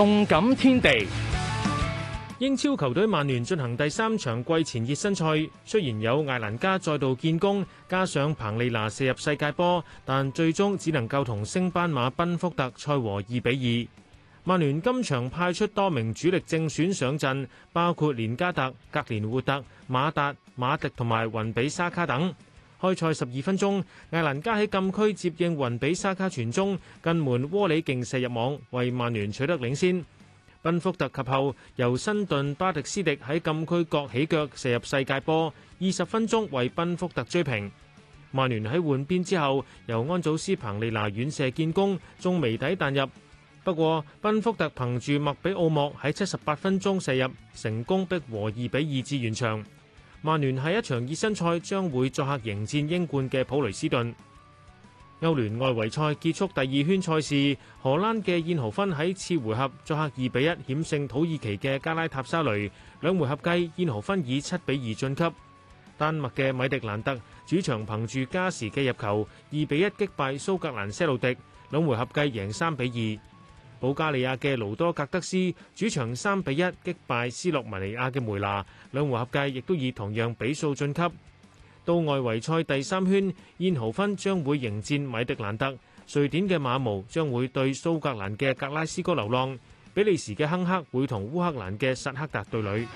動感天地，英超球隊曼聯進行第三場季前熱身賽，雖然有艾蘭加再度建功，加上彭利拿射入世界波，但最終只能夠同升班馬賓福特賽和二比二。曼聯今場派出多名主力正選上陣，包括連加特、格連活特、馬達、馬迪同埋雲比沙卡等。開賽十二分鐘，艾蘭加喺禁區接應雲比沙卡傳中，近門窩利勁射入網，為曼聯取得領先。賓福特及後由新頓巴迪斯迪喺禁區角起腳射入世界波，二十分鐘為賓福特追平。曼聯喺換邊之後，由安祖斯彭利拿遠射建功，中楣底彈入。不過賓福特憑住麥比奧莫喺七十八分鐘射入，成功逼和二比二至完場。曼聯係一場熱身賽，將會作客迎戰英冠嘅普雷斯頓。歐聯外圍賽結束第二圈賽事，荷蘭嘅燕豪芬喺次回合作客二比一險勝土耳其嘅加拉塔沙雷，兩回合計燕豪芬以七比二晉級。丹麥嘅米迪蘭特主場憑住加時嘅入球，二比一擊敗蘇格蘭西路迪，兩回合計贏三比二。保加利亞嘅盧多格德斯主場三比一擊敗斯洛文尼亞嘅梅拿，兩回合計亦都以同樣比數晉級。到外圍賽第三圈，燕豪芬將會迎戰米迪蘭特，瑞典嘅馬毛將會對蘇格蘭嘅格拉斯哥流浪，比利時嘅亨克會同烏克蘭嘅薩克達對壘。